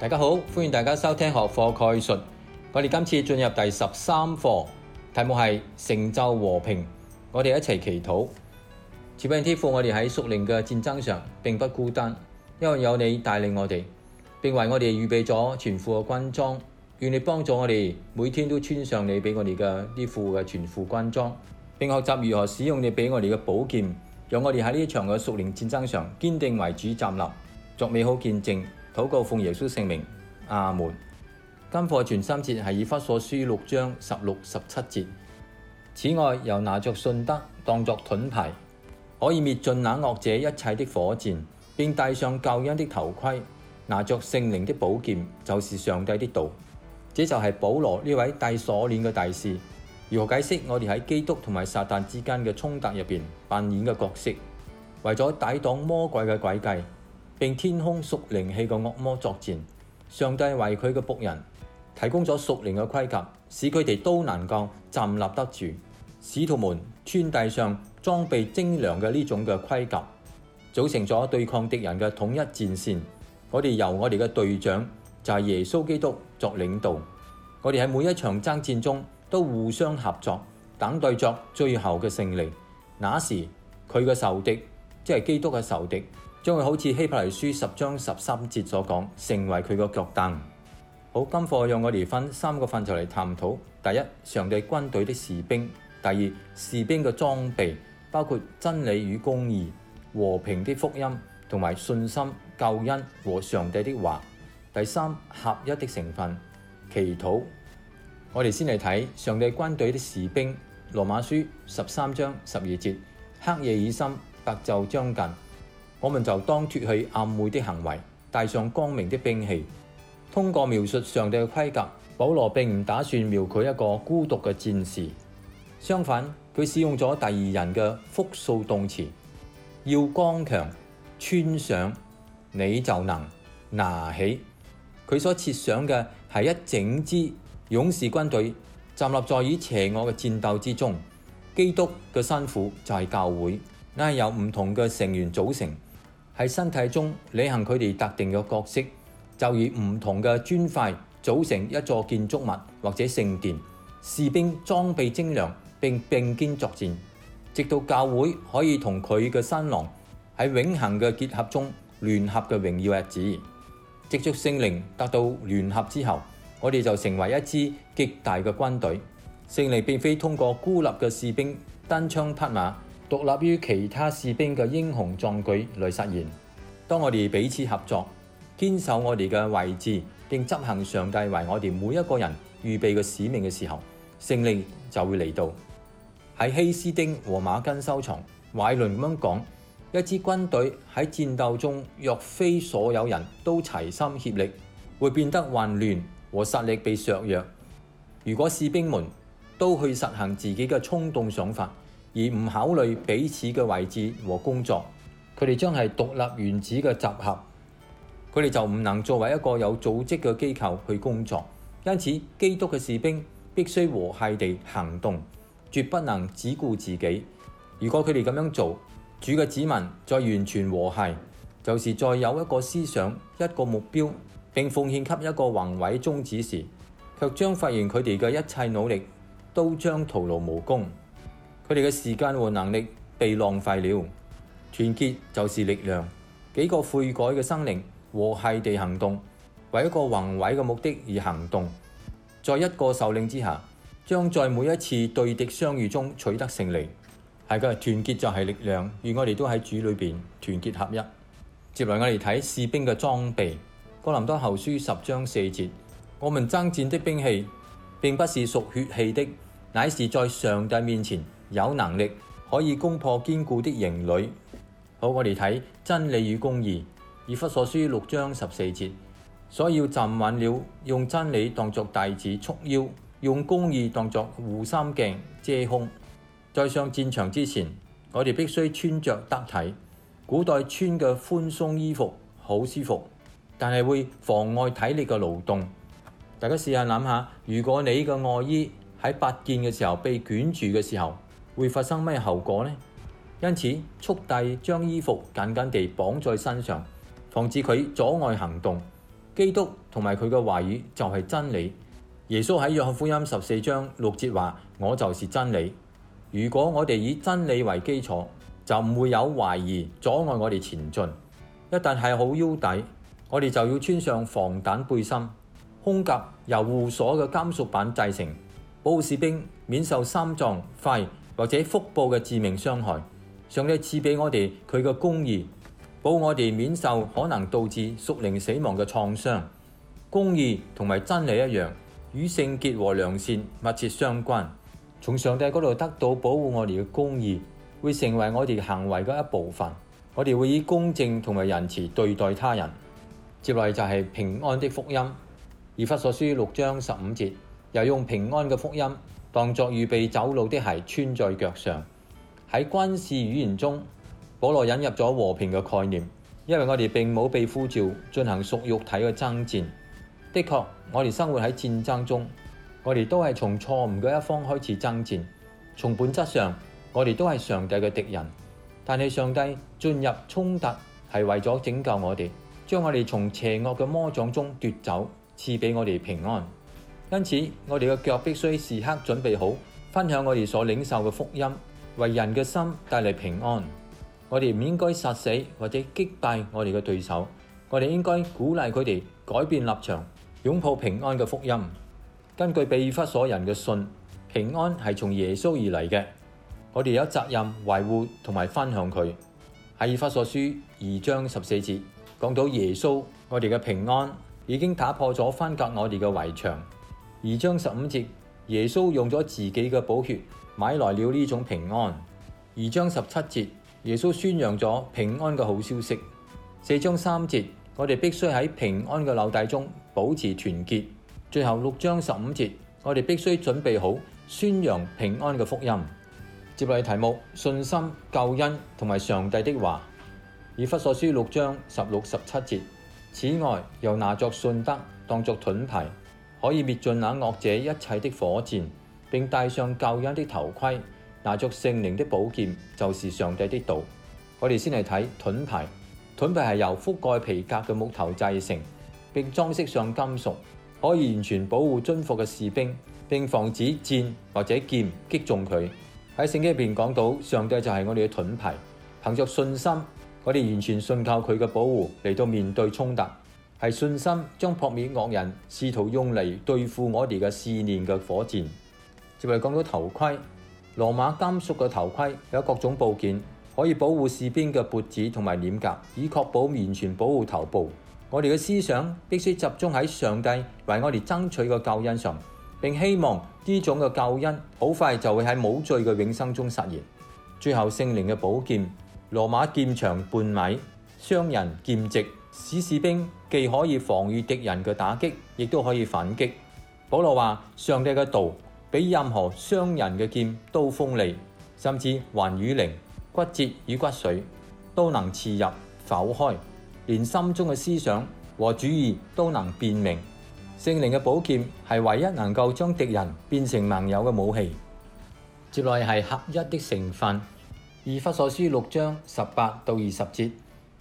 大家好，歡迎大家收聽學課概述。我哋今次進入第十三課，題目係成就和平。我哋一齊祈禱。慈悲天父，我哋喺屬靈嘅戰爭上，並不孤單，因為有你帶領我哋，並為我哋預備咗全副嘅軍裝。願你幫助我哋，每天都穿上你俾我哋嘅呢副嘅全副軍裝，並學習如何使用你俾我哋嘅寶劍，讓我哋喺呢一場嘅屬靈戰爭上堅定為主站立，作美好見證。禱告奉耶穌聖名，阿門。金句全三節係以弗所書六章十六十七節。此外，又拿著信德當作盾牌，可以滅盡那惡者一切的火箭；並戴上救恩的頭盔，拿著聖靈的寶劍，就是上帝的道。這就係保羅呢位戴鎖鏈嘅大使，如何解釋我哋喺基督同埋撒旦之間嘅衝突入面扮演嘅角色，為咗抵擋魔鬼嘅詭計？並天空屬靈氣嘅惡魔作戰，上帝為佢嘅僕人提供咗屬靈嘅盔甲，使佢哋都能夠站立得住。使徒們穿戴上裝備精良嘅呢種嘅盔甲，組成咗對抗敵人嘅統一戰線。我哋由我哋嘅隊長就係耶穌基督作領導，我哋喺每一場爭戰中都互相合作，等待着最後嘅勝利。那時佢嘅仇敵，即係基督嘅仇敵。將佢好似希伯來書十章十三節所講，成為佢個腳凳。好，今課讓我哋分三個範疇嚟探討：第一，上帝軍隊的士兵；第二，士兵嘅裝備，包括真理與公義、和平的福音，同埋信心、救恩和上帝的話；第三，合一的成分，祈禱。我哋先嚟睇上帝軍隊的士兵。羅馬書十三章十二節：黑夜已深，白晝將近。我們就當脱去暗昧的行為，帶上光明的兵器。通過描述上帝嘅規格，保羅並唔打算描繪一個孤獨嘅戰士。相反，佢使用咗第二人嘅複數動詞，要剛強穿上，你就能拿起。佢所設想嘅是一整支勇士軍隊站立在與邪惡嘅戰鬥之中。基督嘅辛苦就是教會，那係由唔同嘅成員組成。喺身體中履行佢哋特定嘅角色，就以唔同嘅磚塊組成一座建築物或者聖殿。士兵裝備精良並並肩作戰，直到教會可以同佢嘅新郎喺永恆嘅結合中聯合嘅榮耀日子。藉著聖靈得到聯合之後，我哋就成為一支極大嘅軍隊。勝利並非通過孤立嘅士兵單槍匹馬，獨立於其他士兵嘅英雄壯舉來實現。當我哋彼此合作，堅守我哋嘅位置並執行上帝為我哋每一個人預備嘅使命嘅時候，勝利就會嚟到。喺希斯丁和馬根收藏，懷倫咁樣講：一支軍隊喺戰鬥中，若非所有人都齊心協力，會變得混亂和實力被削弱。如果士兵們都去實行自己嘅衝動想法，而唔考慮彼此嘅位置和工作，佢哋將係獨立原子嘅集合，佢哋就唔能作為一個有組織嘅機構去工作。因此，基督嘅士兵必須和諧地行動，絕不能只顧自己。如果佢哋咁樣做，主嘅子民再完全和諧，就是再有一個思想、一個目標並奉獻給一個宏偉宗旨時，卻將發現佢哋嘅一切努力都將徒勞無功。佢哋嘅時間和能力被浪費了。團結就是力量，幾個悔改嘅生靈和諧地行動，為一個宏偉嘅目的而行動，在一個首領之下，將在每一次對敵相遇中取得勝利。係嘅，團結就係力量。願我哋都喺主裏邊團結合一。接落嚟我哋睇士兵嘅裝備。哥林多後書十章四節：「我們爭戰的兵器，並不是屬血氣的，乃是在上帝面前。有能力可以攻破堅固的營壘。好，我哋睇真理與公義，以弗所書六章十四節，所以要站穩了，用真理當作帶子束腰，用公義當作護心鏡遮胸。在上戰場之前，我哋必須穿着得體。古代穿嘅寬鬆衣服好舒服，但係會妨礙體力嘅勞動。大家試下諗下，如果你嘅外衣喺拔箭嘅時候被捲住嘅時候，會發生咩後果呢？因此，速弟將衣服緊緊地綁在身上，防止佢阻礙行動。基督同埋佢嘅話語就係真理。耶穌喺約翰福音十四章六節話：我就是真理。如果我哋以真理為基礎，就唔會有懷疑阻礙我哋前進。一旦係好腰帶，我哋就要穿上防彈背心。胸甲由護鎖嘅金屬板製成，保護士兵免受三臟肺，或者腹部嘅致命傷害，上帝賜俾我哋佢嘅公義，保護我哋免受可能導致屬靈死亡嘅創傷。公義同埋真理一樣，與聖潔和良善密切相關。從上帝嗰度得到保護我哋嘅公義，會成為我哋行為嘅一部分。我哋會以公正同埋仁慈對待他人。接來就係平安的福音，以弗所書六章十五節又用平安嘅福音。當作預備走路的鞋穿在腳上。喺軍事語言中，保羅引入咗和平嘅概念，因為我哋並冇被呼召進行屬肉體嘅爭戰。的確，我哋生活喺戰爭中，我哋都係從錯誤嘅一方開始爭戰。從本質上，我哋都係上帝嘅敵人。但係上帝進入衝突係為咗拯救我哋，將我哋從邪惡嘅魔掌中奪走，賜俾我哋平安。因此，我哋嘅腳必須時刻準備好，分享我哋所領受嘅福音，為人嘅心帶嚟平安。我哋唔應該殺死或者擊敗我哋嘅對手，我哋應該鼓勵佢哋改變立場，擁抱平安嘅福音。根據比爾法所以弗所人嘅信，平安係從耶穌而嚟嘅。我哋有責任維護同埋分享佢。喺《以弗所書》二章十四節講到耶穌，我哋嘅平安已經打破咗分隔我哋嘅圍牆。二章十五節，耶穌用咗自己嘅寶血買來了呢種平安。二章十七節，耶穌宣揚咗平安嘅好消息。四章三節，我哋必須喺平安嘅紐帶中保持團結。最後六章十五節，我哋必須準備好宣揚平安嘅福音。接落嚟題目：信心、救恩同埋上帝的話。以弗所書六章十六十七節，此外又拿作信德當作盾牌。可以滅盡那惡者一切的火箭，並戴上救恩的頭盔，拿着聖靈的寶劍，就是上帝的道。我哋先嚟睇盾牌，盾牌係由覆蓋皮革嘅木頭製成，並裝飾上金屬，可以完全保護軍服嘅士兵，並防止箭或者劍擊中佢。喺聖經入面講到，上帝就係我哋嘅盾牌，憑着信心，我哋完全信靠佢嘅保護嚟到面對衝突。係信心將撲滅惡人試圖用嚟對付我哋嘅思念嘅火箭。接嚟講到頭盔，羅馬金屬嘅頭盔有各種部件可以保護士兵嘅脖子同埋臉頰，以確保完全保護頭部。我哋嘅思想必須集中喺上帝為我哋爭取嘅救恩上，並希望呢種嘅救恩好快就會喺冇罪嘅永生中實現。最後聖靈嘅寶劍，羅馬劍長半米，雙刃劍直。使士兵既可以防御敵人嘅打擊，亦都可以反擊。保羅話：上帝嘅道比任何傷人嘅劍都鋒利，甚至還與靈、骨節與骨髓都能刺入、剖開，連心中嘅思想和主意都能辨明。聖靈嘅寶劍係唯一能夠將敵人變成盟友嘅武器。接來係合一的成分，以弗所書六章十八到二十節，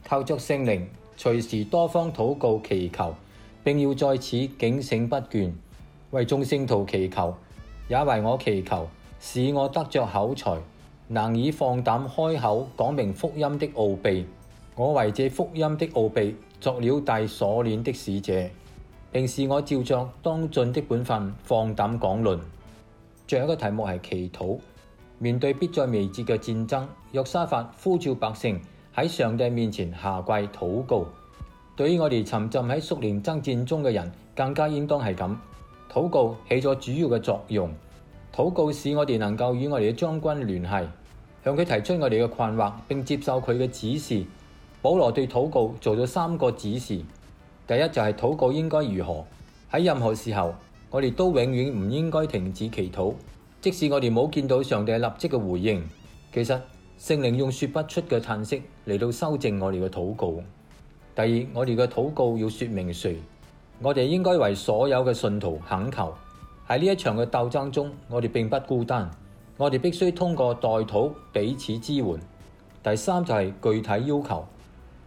靠著聖靈。隨時多方禱告祈求，並要在此警醒不倦，為眾聖徒祈求，也為我祈求，使我得着口才，能以放膽開口講明福音的奧秘。我為這福音的奧秘作了帶鎖鏈的使者，並使我照着當盡的本分放膽講論。最後一個題目係祈禱，面對迫在眉睫嘅戰爭，約沙法呼召百姓。喺上帝面前下跪禱告，對於我哋沉浸喺屬靈爭戰中嘅人，更加應當係咁。禱告起咗主要嘅作用。禱告使我哋能夠與我哋嘅將軍聯繫，向佢提出我哋嘅困惑，並接受佢嘅指示。保羅對禱告做咗三個指示：第一就係禱告應該如何。喺任何時候，我哋都永遠唔應該停止祈禱，即使我哋冇見到上帝立即嘅回應。其實。聖靈用說不出嘅嘆息嚟到修正我哋嘅禱告。第二，我哋嘅禱告要說明誰，我哋應該為所有嘅信徒懇求。喺呢一場嘅鬥爭中，我哋並不孤單，我哋必須通過代禱彼此支援。第三就係具體要求，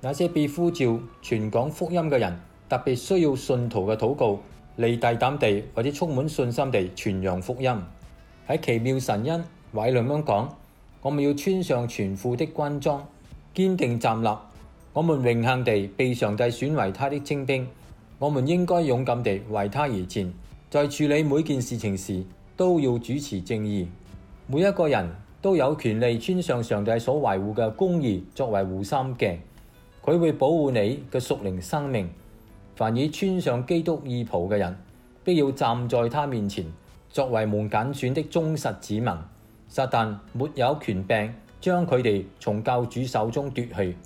那些被呼召傳講福音嘅人，特別需要信徒嘅禱告，嚟大膽地或者充滿信心地傳揚福音。喺奇妙神恩，委亮咁講。我們要穿上全副的軍裝，堅定站立。我們榮幸地被上帝選為他的精兵。我們應該勇敢地為他而戰，在處理每件事情時都要主持正義。每一個人都有權利穿上上帝所維護嘅公義作為護心鏡，佢會保護你嘅屬靈生命。凡以穿上基督義袍嘅人，必要站在他面前，作為蒙揀選的忠實子民。撒旦沒有權柄將佢哋從救主手中奪去，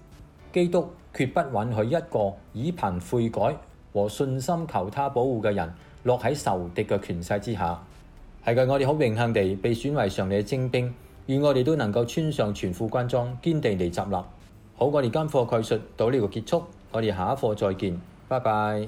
基督絕不允許一個以憑悔改和信心求他保護嘅人落喺仇敵嘅權勢之下。係嘅，我哋好榮幸地被選為上帝嘅精兵，願我哋都能夠穿上全副軍裝，堅定地站立。好，我哋今課概述到呢度結束，我哋下一課再見，拜拜。